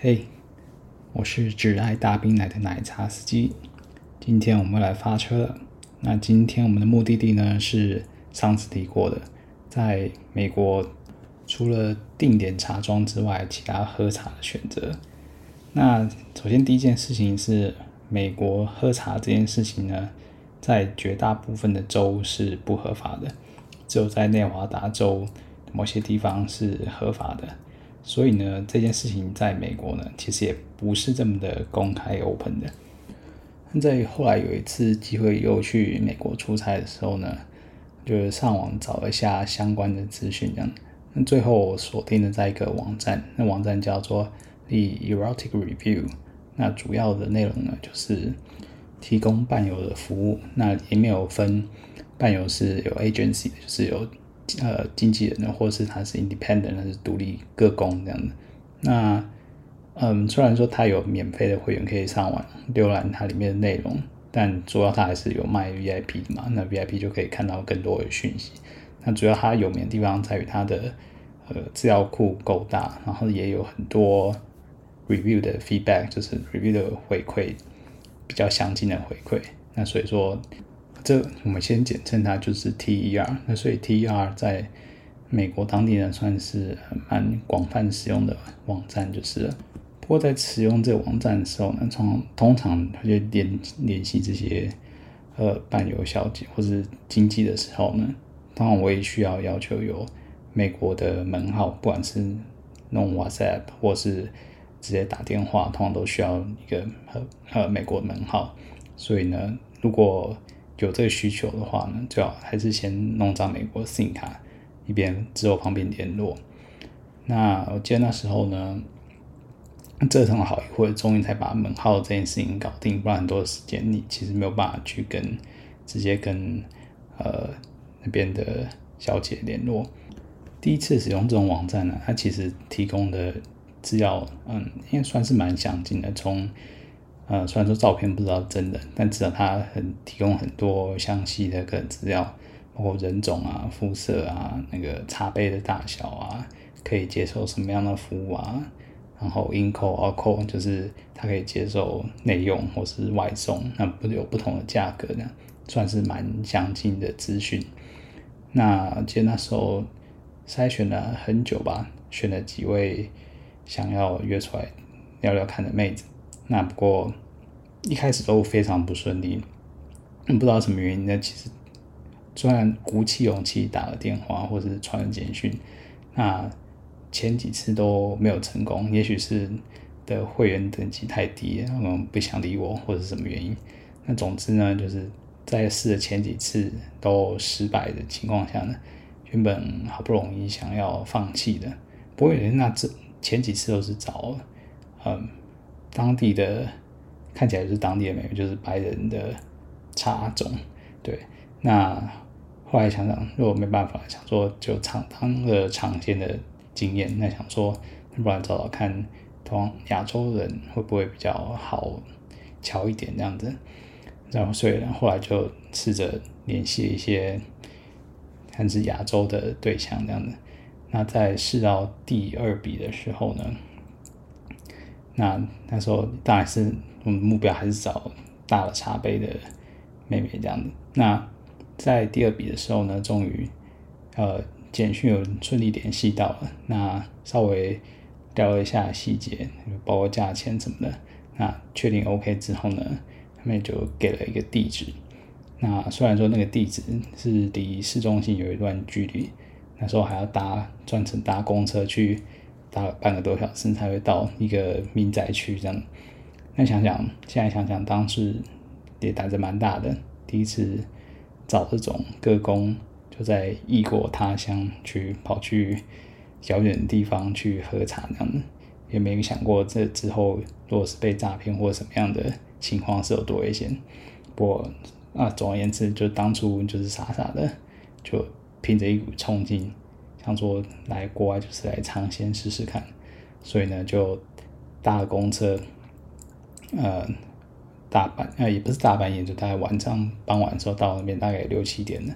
嘿，Hey，我是只愛大冰奶的奶茶司機，今天我們來發車了。那今天我們的目的地呢是上次提過的，在美國除了定點茶莊之外，其他喝茶的選擇。那首先第一件事情是，美國喝茶這件事情呢，在絕大部分的州是不合法的，只有在內華達州某些地方是合法的。所以呢，這件事情在美國呢，其實也不是這麼的公開 open 的。那在後來有一次機會又去美國出差的時候呢，就是，上網找一下相關的資訊，這樣。那最後我鎖定了在一個網站，那網站叫做 The Erotic Review。那主要的內容呢，就是提供伴遊的服務。那裡面有分伴遊是有 agency 的，就是有。呃，經紀人呢，或是他是 independent，他是獨立個工這樣的。那，嗯，雖然說他有免費的會員可以上網瀏覽他裡面的內容，但主要他還是有賣 VIP 的嘛。那 VIP 就可以看到更多的訊息。那主要它有名的地方在於它的呃資料庫夠大，然後也有很多 review 的 feedback，就是 review 的回饋比較詳盡的回饋。那所以說。這我們先簡稱它就是 TER。那所以 TER 在美國當地呢，算是蠻廣泛使用的網站，就是了。不過在使用這個網站的時候呢，從通常他就聯聯繫這些呃伴遊小姐或是經紀的時候呢，當然我也需要要求有美國的門號，不管是弄 WhatsApp 或是直接打電話，通常都需要一個呃呃美國的門號。所以呢，如果有這個需求的話呢，最好還是先弄張美國信用卡一，一邊之後方便聯絡。那我記得那時候呢，折騰了好一會兒，終於才把門號這件事情搞定，不然很多時間你其實沒有辦法去跟直接跟呃那邊的小姐聯絡。第一次使用這種網站呢，它其實提供的資料，嗯，應該算是蠻詳盡的，從。呃、嗯，雖然說照片不知道真的，但至少他很提供很多詳細的個人資料，包括人種啊、膚色啊、那個茶杯的大小啊，可以接受什麼樣的服務啊，然後 in call, out call, 就是他可以接受內用或是外送，那不有不同的價格呢，算是蠻詳盡的資訊。那接那時候篩選了很久吧，選了幾位想要約出來聊聊看的妹子。那不過一開始都非常不順利，嗯，不知道什麼原因呢。那其實雖然鼓起勇氣打了電話或者是傳簡訊，那前幾次都沒有成功。也許是的會員等級太低，他們不想理我，或者什麼原因。那總之呢，就是在試的前幾次都失敗的情況下呢，原本好不容易想要放棄的，不過，那這前幾次都是找嗯。當地的看起來就是當地的美，就是白人的茶種，對。那後來想想，如果沒辦法，想說就嘗，當個常見的經驗，那想說，不然找找看同亞洲人會不會比較好，瞧一點這樣子。然後，所以後來就試着聯繫一些看是亞洲的對象這樣子。那在試到第二筆的時候呢？那那時候當然是，我們目標還是找大的茶杯的妹妹這樣子。那在第二筆的時候呢，終於，呃，簡訊有順利聯繫到了。那稍微聊了一下細節，包括價錢什麼的。那確定 OK 之後呢，他們就給了一個地址。那雖然說那個地址是離市中心有一段距離，那時候還要搭轉乘，搭公車去。半個多小時才會到一個民宅區這樣，那想想，現在想想，當時也膽子蠻大的，第一次找這種個工，就在異國他鄉去跑去遙遠的地方去喝茶，這樣的也沒想過這之後如果是被詐騙或者什麼樣的情況是有多危險。不過啊，總而言之，就當初就是傻傻的，就憑着一股衝勁。當做來國外就是來嚐鮮試試看，所以呢就搭了公車，呃，大半，呃也不是大半夜，也就大概晚上傍晚的時候到那邊，大概六七點了。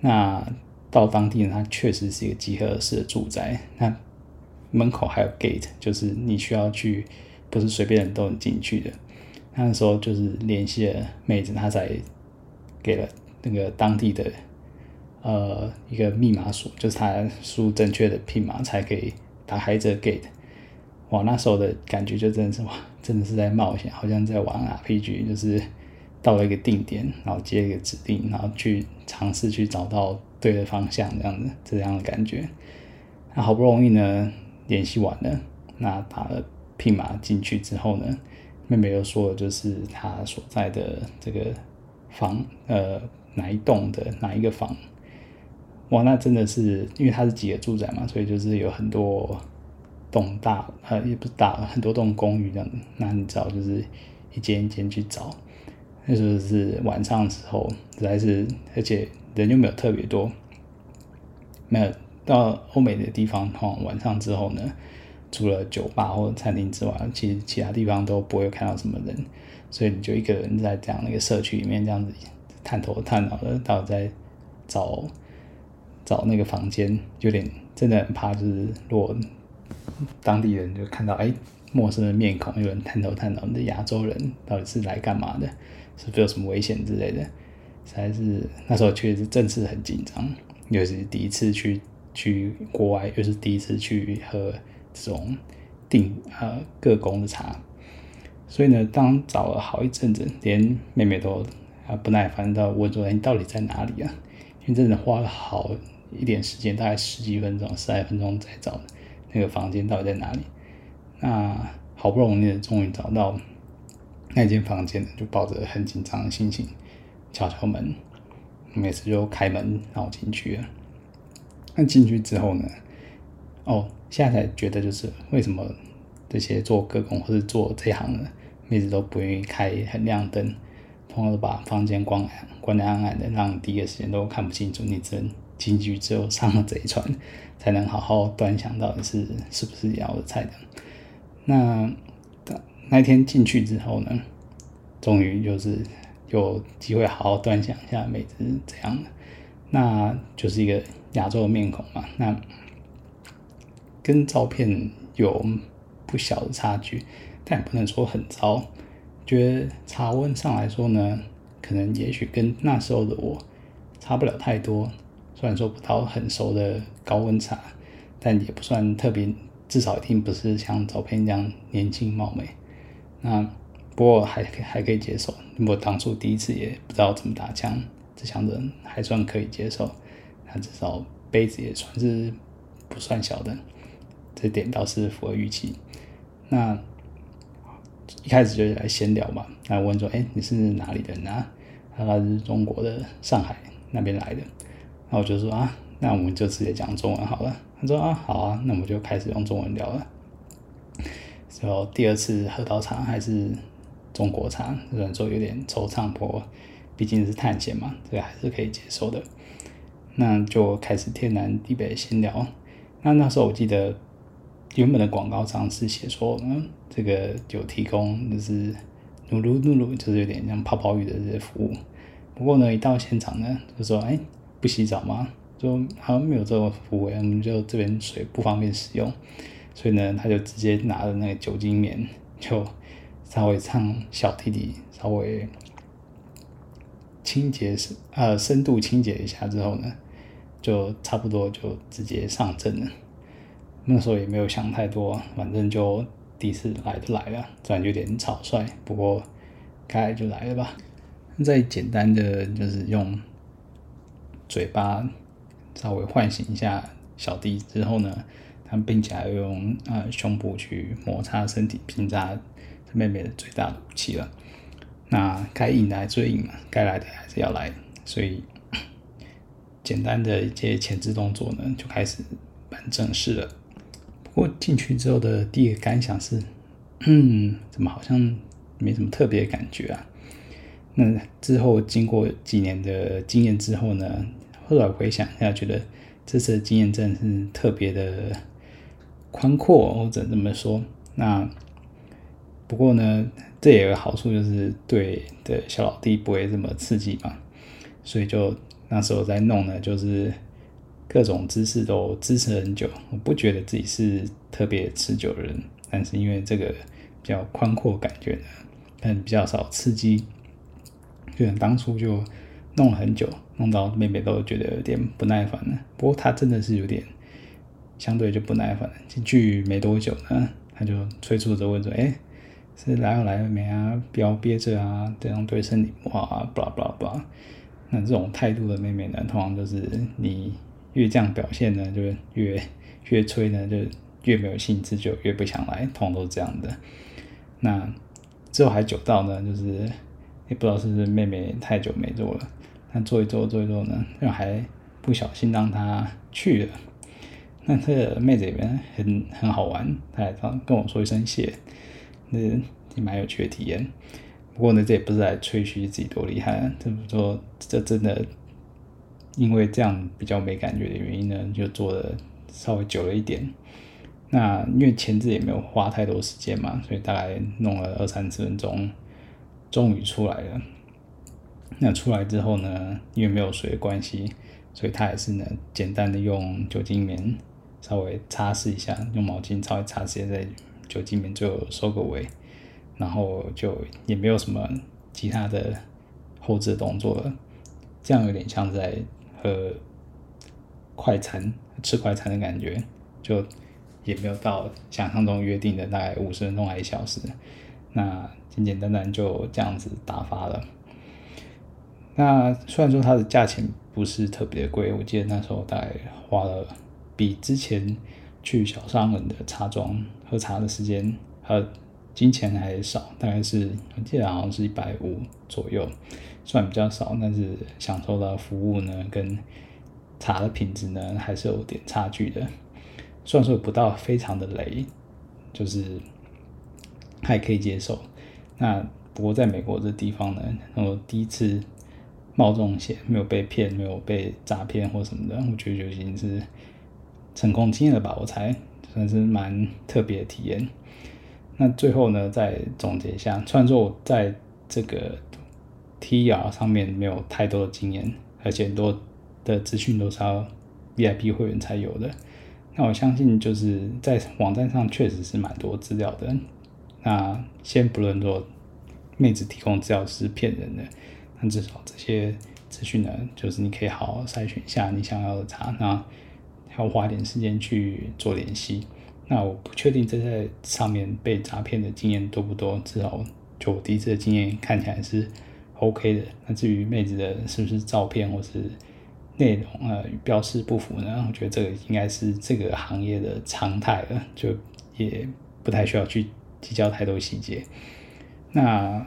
那到當地呢，它確實是一個集合式的住宅，那門口還有 gate，就是你需要去，不是隨便人都能進去的。那的時候就是聯繫了妹子，她才給了那個當地的。呃，一個密碼鎖，就是他輸入正確的密碼才可以打開這個 gate。哇，那時候的感覺就真的是哇，真的是在冒險，好像在玩 RPG，就是到了一個定點，然後接一個指令，然後去嘗試去找到對的方向，這樣的這樣的感覺。那好不容易呢，聯繫完了，那打了密碼進去之後呢，妹妹又說就是她所在的這個房，呃，哪一棟的哪一個房？哇，那真的是因為它是幾個住宅嘛，所以就是有很多棟大，呃，也不是大，很多棟公寓這樣子，那你只好就是一間一間去找。那時候是晚上的時候，實在是，而且人又沒有特別多。沒有到歐美的地方，哈，晚上之後呢，除了酒吧或者餐廳之外，其實其他地方都不會有看到什麼人。所以你就一個人在這樣的一個社區裡面，這樣子探頭探腦的，到在找。找那個房間，有點真的很怕，就是落，當地人就看到哎、欸、陌生的面孔，有人探頭探腦的亞洲人到底是來幹嘛的，是不是有什麼危險之類的？還是那時候確實政治很緊張，又是第一次去去國外，又是第一次去喝這種定啊個工的茶，所以呢，當找了好一陣子，連妹妹都啊不耐煩到問說：“哎，你到底在哪裡啊？”因為真的花了好。一點時間，大概十幾分鐘、十來分鐘，才找的那個房間到底在哪裡。那好不容易的，終於找到那間房間，就抱着很緊張的心情敲敲門，每次就開門然後進去了。那進去之後呢？哦，現在才覺得就是為什麼這些做隔空或是做這行的妹子都不願意開很亮燈，通常都把房間關關的暗暗的，讓你第一個時間都看不清楚，你真進去只有上了賊船，才能好好端詳到底是是不是要的菜的。那那天進去之後呢，終於就是有機會好好端詳一下妹子是怎樣的。那就是一個亞洲的面孔嘛，那跟照片有不小的差距，但也不能說很糟。覺得茶溫上來說呢，可能也許跟那時候的我差不了太多。雖然說不到很熟的高溫茶，但也不算特別，至少一定不是像照片一樣年輕貌美。那不過還還可以接受。我當初第一次也不知道怎麼打槍，這槍人還算可以接受。他至少杯子也算是不算小的，這點倒是符合預期。那一開始就是來閒聊嘛，那問說：“哎，你是哪裡人啊？”他說：“是中國的上海那邊來的。”然後就說啊，那我們就直接講中文好了。他說啊，好啊，那我們就開始用中文聊了。之後第二次喝到茶還是中國茶，只能說有點惆悵波，畢竟是探險嘛，這個還是可以接受的。那就開始天南地北閒聊。那那時候我記得原本的廣告上是寫說，嗯，這個有提供就是努嚕努嚕，就是有點像泡泡浴的這些服務。不過呢，一到現場呢，就說哎。不洗澡嗎？就好像沒有這個服務，就這邊水不方便使用，所以呢，他就直接拿着那個酒精棉，就稍微唱小弟弟，稍微清潔深呃深度清潔一下之後呢，就差不多就直接上陣了。那時候也沒有想太多，反正就第一次來就來了，雖然有點草率，不過該來就來了吧。再簡單的就是用。嘴巴稍微喚醒一下小弟之後呢，他們並且還要用呃胸部去摩擦身體，拼扎他妹妹的最大的武器了。那該硬的還是最硬嘛，該來的還是要來，所以簡單的一些前置動作呢就開始蠻正式了。不過進去之後的第一個感想是，嗯，怎麼好像沒什麼特別感覺啊？那之後經過幾年的經驗之後呢，後來回想一下，覺得這次的經驗真的是特別的寬闊，或者怎麼說。那不過呢，這也有個好處，就是對的小老弟不會這麼刺激嘛。所以就那時候在弄呢，就是各種姿勢都支持很久。我不覺得自己是特別持久的人，但是因為這個比較寬闊，感覺呢，但比較少刺激。就當初就弄了很久，弄到妹妹都覺得有點不耐煩了。不過，她真的是有點相對就不耐煩了。進去沒多久呢，她就催促着問說：“哎、欸，是來要來了沒啊？不要憋着啊！這樣對身體不好哇、啊……”“ blah blah blah。”那這種態度的妹妹呢，通常就是你越這樣表現呢，就越越催呢，就越沒有興致，就越不想來，通常都是這樣的。那之後還久到呢，就是。也不知道是不是妹妹太久沒做了，那做一做做一做呢，又還不小心讓她去了。那這個妹子也很很好玩，她還常跟我說一聲謝，那也蠻有趣的體驗。不過呢，這也不是來吹噓自己多厲害，這麼說這真的因為這樣比較沒感覺的原因呢，就做的稍微久了一點。那因為前置也沒有花太多時間嘛，所以大概弄了二三十分鐘。終於出來了。那出來之後呢？因為沒有水的關係，所以他也是呢，簡單的用酒精棉稍微擦拭一下，用毛巾稍微擦拭一下，在酒精棉就收個尾，然後就也沒有什麼其他的後置的動作了。這樣有點像是在喝快餐吃快餐的感覺，就也沒有到想象中約定的大概五十分鐘還一小時。那簡簡單單就這樣子打發了。那雖然說它的價錢不是特別貴，我記得那時候大概花了比之前去小商人的茶莊喝茶的時間和金錢還少，大概是我記得好像是一百五左右，算比較少，但是享受的服務呢，跟茶的品質呢還是有點差距的，雖然說不到非常的雷，就是。還可以接受。那不過在美國這地方呢，我第一次冒這種險，沒有被騙，沒有被詐騙或什麼的，我覺得就已經是成功經驗了吧。我才算是蠻特別的體驗。那最後呢，再總結一下，雖然說我在這個 TER 上面沒有太多的經驗，而且很多的資訊都是 VIP 會員才有的。那我相信就是在網站上確實是蠻多資料的。那先不論說妹子提供資料是騙人的，那至少這些資訊呢，就是你可以好好篩選一下你想要的茶，那要花點時間去做聯繫。那我不確定這在上面被詐騙的經驗多不多，至少就我第一次的經驗看起來是 OK 的。那至於妹子的是不是照片或是內容呃與標示不符呢？我覺得這個應該是這個行業的常態了，就也不太需要去。計較太多細節，那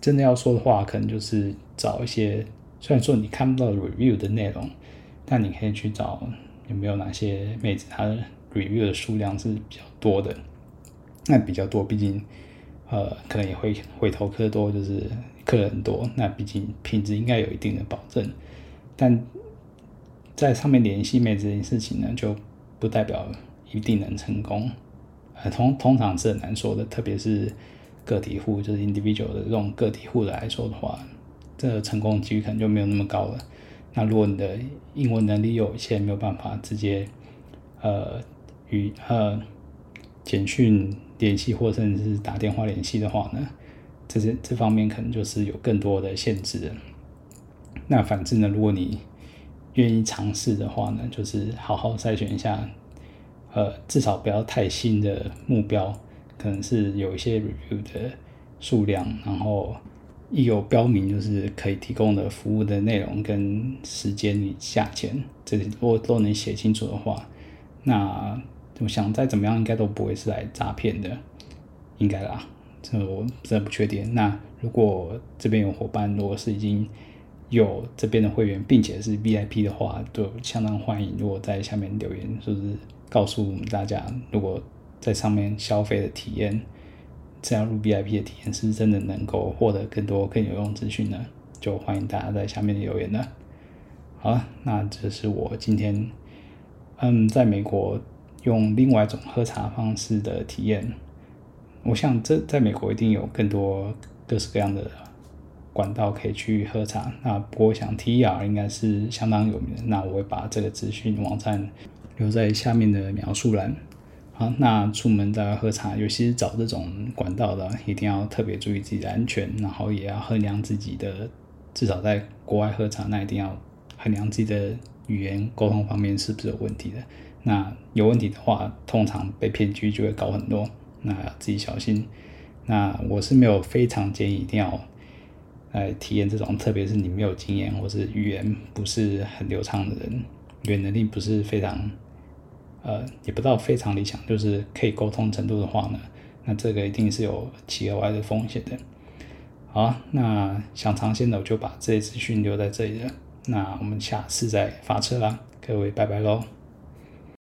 真的要說的話，可能就是找一些雖然說你看不到 review 的內容，但你可以去找有沒有哪些妹子，她的 review 的數量是比較多的。那比較多，畢竟呃，可能也會回頭客多，就是客人多，那畢竟品質應該有一定的保證。但在上面聯繫妹子這件事情呢，就不代表一定能成功。呃，通通常是很難說的，特別是個體戶，就是 individual 的這種個體戶來說的話，這個成功幾率可能就沒有那麼高了。那如果你的英文能力有一些沒有辦法直接呃與呃簡訊聯繫或甚至是打電話聯繫的話呢，這是這方面可能就是有更多的限制的。那反正呢，如果你願意嘗試的話呢，就是好好篩選一下。呃，至少不要太新的目標，可能是有一些 review 的數量，然後一有標明就是可以提供的服務的內容跟時間與價錢，這裡如果都能寫清楚的話，那我想再怎麼樣應該都不會是來詐騙的，應該啦，這我真的不確定。那如果這邊有夥伴，如果是已經有這邊的會員並且是 VIP 的話，就相當歡迎。如果在下面留言，就是不是，告訴我們大家，如果在上面消費的體驗，這樣入 VIP 的體驗，是真的能夠獲得更多更有用資訊呢？就歡迎大家在下面留言了。好了，那這是我今天，嗯，在美國用另外一種喝茶方式的體驗。我想這在美國一定有更多各式各樣的管道可以去喝茶。那不過想 TER 應該是相當有名的。那我會把這個資訊網站，留在下面的描述欄。好，那出門在外喝茶，尤其是找這種管道的，一定要特別注意自己的安全，然後也要衡量自己的，至少在國外喝茶，那一定要衡量自己的語言溝通方面是不是有問題的。那有問題的話，通常被騙局就會高很多。那要自己小心。那我是沒有非常建議一定要來體驗這種，特別是你沒有經驗或是語言不是很流暢的人，語言能力不是非常。呃，也不到非常理想，就是可以溝通程度的話呢，那這個一定是有其額外的風險的。好，那想嘗鮮的我就把這些資訊留在這裡了，那我們下次再發車啦，各位拜拜嘍。